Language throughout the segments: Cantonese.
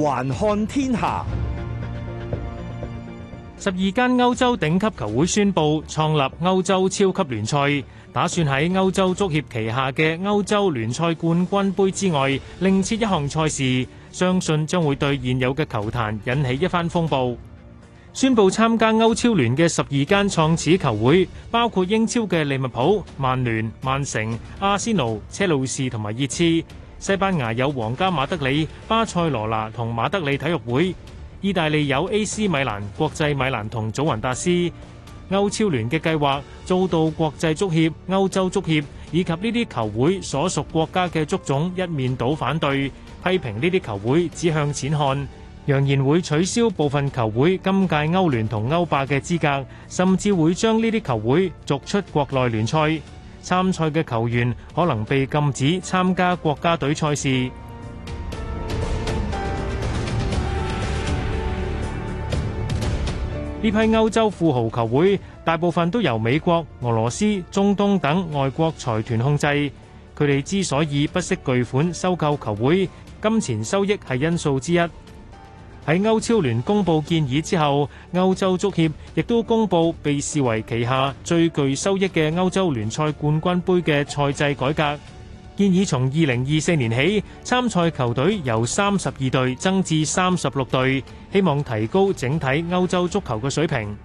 環看天下，十二間歐洲頂級球會宣布創立歐洲超級聯賽，打算喺歐洲足協旗下嘅歐洲聯賽冠軍杯之外，另設一項賽事，相信將會對現有嘅球壇引起一番風暴。宣布參加歐超聯嘅十二間創始球會，包括英超嘅利物浦、曼聯、曼城、阿仙奴、車路士同埋熱刺。西班牙有皇家馬德里、巴塞羅那同馬德里體育會；意大利有 AC 米蘭、國際米蘭同祖雲達斯。歐超聯嘅計劃遭到國際足協、歐洲足協以及呢啲球會所屬國家嘅足總一面倒反對，批評呢啲球會只向錢看，揚言會取消部分球會今屆歐聯同歐霸嘅資格，甚至會將呢啲球會逐出國內聯賽。參賽嘅球員可能被禁止參加國家隊賽事。呢批歐洲富豪球會大部分都由美國、俄羅斯、中東等外國財團控制。佢哋之所以不惜巨款收購球會，金錢收益係因素之一。喺歐超聯公布建議之後，歐洲足協亦都公布被視為旗下最具收益嘅歐洲聯賽冠軍杯嘅賽制改革建議，從二零二四年起參賽球隊由三十二隊增至三十六隊，希望提高整體歐洲足球嘅水平。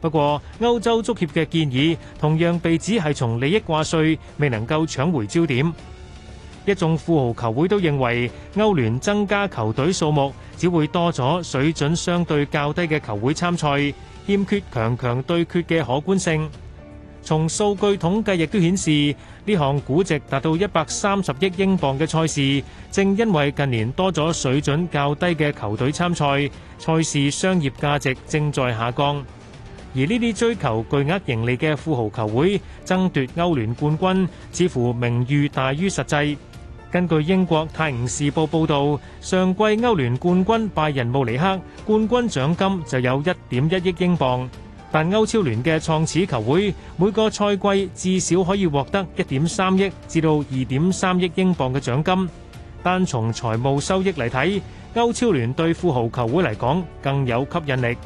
不過，歐洲足協嘅建議同樣被指係從利益掛帥，未能夠搶回焦點。一眾富豪球會都認為，歐聯增加球隊數目，只會多咗水準相對較低嘅球會參賽，欠缺強強對決嘅可觀性。從數據統計亦都顯示，呢項估值達到一百三十億英鎊嘅賽事，正因為近年多咗水準較低嘅球隊參賽，賽事商業價值正在下降。而呢啲追求巨額盈利嘅富豪球會，爭奪歐聯冠軍，似乎名譽大於實際。根據英國《泰晤士報》報道，上季歐聯冠軍拜仁慕尼黑冠軍獎金就有一點一億英鎊，但歐超聯嘅創始球會每個賽季至少可以獲得一點三億至到二點三億英鎊嘅獎金，單從財務收益嚟睇，歐超聯對富豪球會嚟講更有吸引力。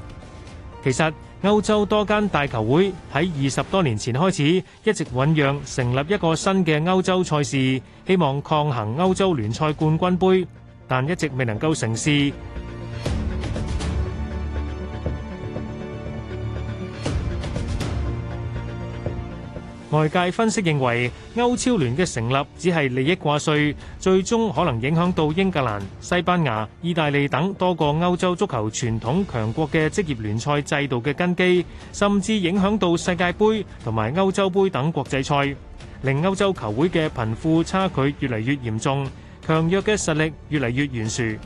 其實。歐洲多間大球會喺二十多年前開始，一直醞釀成立一個新嘅歐洲賽事，希望抗衡歐洲聯賽冠軍杯，但一直未能夠成事。外界分析認為歐超聯嘅成立只係利益掛帥，最終可能影響到英格蘭、西班牙、意大利等多個歐洲足球傳統強國嘅職業聯賽制度嘅根基，甚至影響到世界杯同埋歐洲杯等國際賽，令歐洲球會嘅貧富差距越嚟越嚴重，強弱嘅實力越嚟越懸殊。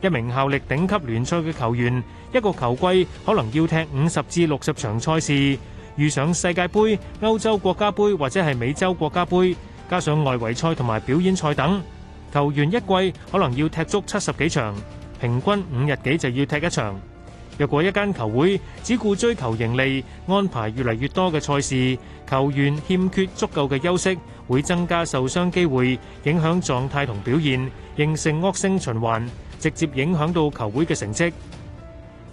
一名效力頂級聯賽嘅球員，一個球季可能要踢五十至六十場賽事。遇上世界杯、歐洲國家杯或者係美洲國家杯，加上外圍賽同埋表演賽等，球員一季可能要踢足七十幾場，平均五日幾就要踢一場，若果一間球會只顧追求盈利，安排越嚟越多嘅賽事，球員欠缺足夠嘅休息，會增加受傷機會，影響狀態同表現，形成惡性循環，直接影響到球會嘅成績。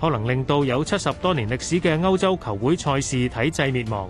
可能令到有七十多年歷史嘅歐洲球會賽事體制滅亡。